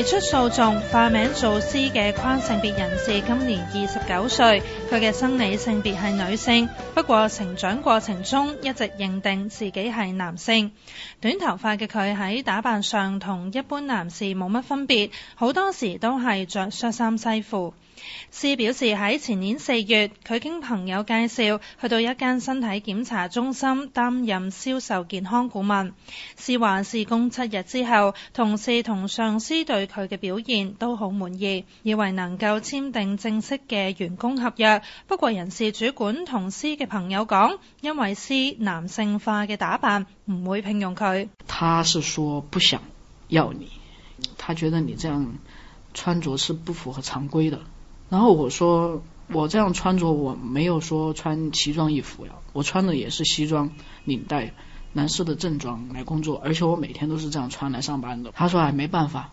提出訴訟，化名做師嘅跨性別人士今年二十九歲，佢嘅生理性別係女性，不過成長過程中一直認定自己係男性。短頭髮嘅佢喺打扮上同一般男士冇乜分別，好多時都係着恤衫西褲。師表示喺前年四月，佢經朋友介紹去到一間身體檢查中心擔任銷售健康顧問。師話試工七日之後，同事同上司對。佢嘅表現都好滿意，以為能夠簽訂正式嘅員工合約。不過人事主管同司嘅朋友講，因為司男性化嘅打扮，唔會聘用佢。他是說不想要你，他覺得你這樣穿着是不符合常規的。然後我說我這樣穿着，我沒有說穿奇裝異服呀，我穿的也是西裝領帶男士的正裝來工作，而且我每天都是這樣穿來上班的。他說啊、哎，沒辦法。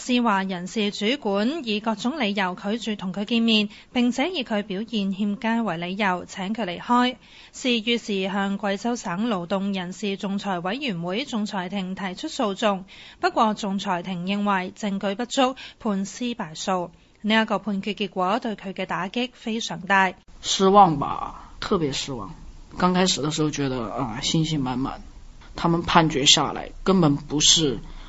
是話人事主管以各種理由拒絕同佢見面，並且以佢表現欠佳為理由請佢離開。是於是向貴州省勞動人事仲裁委員會仲裁庭提出訴訟，不過仲裁庭認為證據不足，判司敗訴。呢、這、一個判決結果對佢嘅打擊非常大。失望吧，特別失望。剛開始嘅時候覺得啊信心滿滿，他們判決下來根本不是。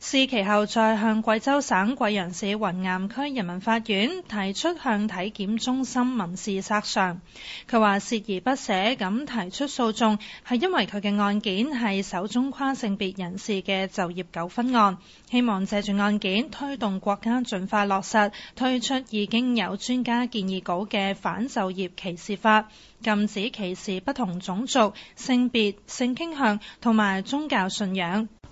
事其後再向貴州省貴陽市雲岩區人民法院提出向體檢中心民事索償。佢話，他說鍥而不捨咁提出訴訟，係因為佢嘅案件係首宗跨性別人士嘅就業糾紛案，希望借住案件推動國家盡快落實推出已經有專家建議稿嘅反就業歧視法，禁止歧視不同種族、性別、性傾向同埋宗教信仰。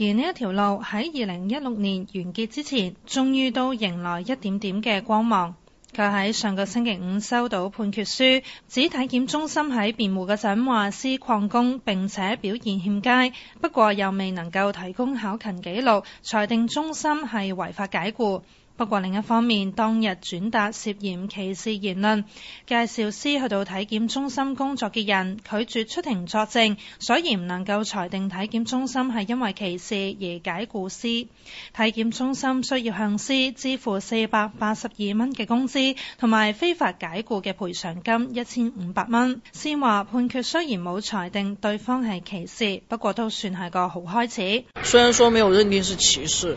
而呢一條路喺二零一六年完結之前，終於都迎來一點點嘅光芒。佢喺上個星期五收到判決書，指體檢中心喺辯護嗰陣話施曠工並且表現欠佳，不過又未能夠提供考勤記錄，裁定中心係違法解僱。不過另一方面，當日轉達涉嫌歧視言論，介紹師去到體檢中心工作嘅人拒絕出庭作證，所以唔能夠裁定體檢中心係因為歧視而解雇師。體檢中心需要向師支付四百八十二蚊嘅工資，同埋非法解雇嘅賠償金一千五百蚊。先話判決雖然冇裁定對方係歧視，不過都算係個好開始。雖然說沒有認定是歧視。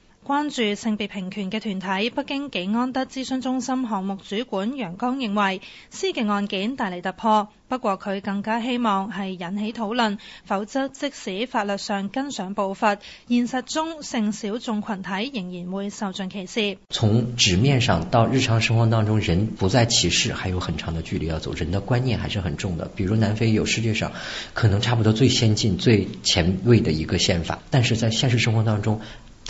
關注性別平權嘅團體，北京紀安德諮詢中心項目主管楊剛認為，私警案件帶嚟突破，不過佢更加希望係引起討論，否則即使法律上跟上步伐，現實中性小眾群體仍然會受盡歧視。從紙面上到日常生活當中，人不再歧視還有很長的距離要走，人的觀念還是很重的。比如，南非有世界上可能差不多最先進、最前衛嘅一個憲法，但是在現實生活當中。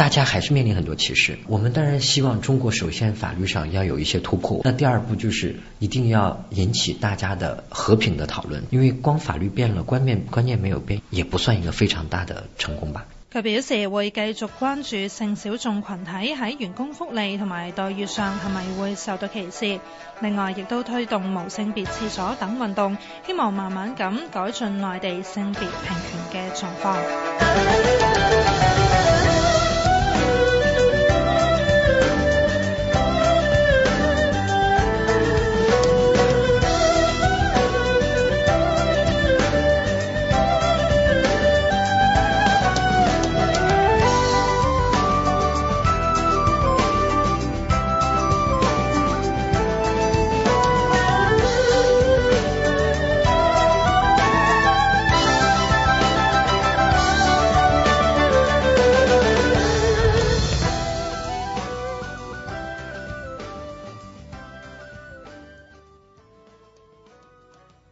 大家還是面臨很多歧視。我們當然希望中國首先法律上要有一些突破。那第二步就是一定要引起大家的和平的討論，因為光法律變了，觀念觀念沒有變，也不算一個非常大的成功吧。佢表示會繼續關注性小眾群體喺員工福利同埋待遇上係咪會受到歧視，另外亦都推動無性別廁所等運動，希望慢慢咁改進內地性別平權嘅狀況。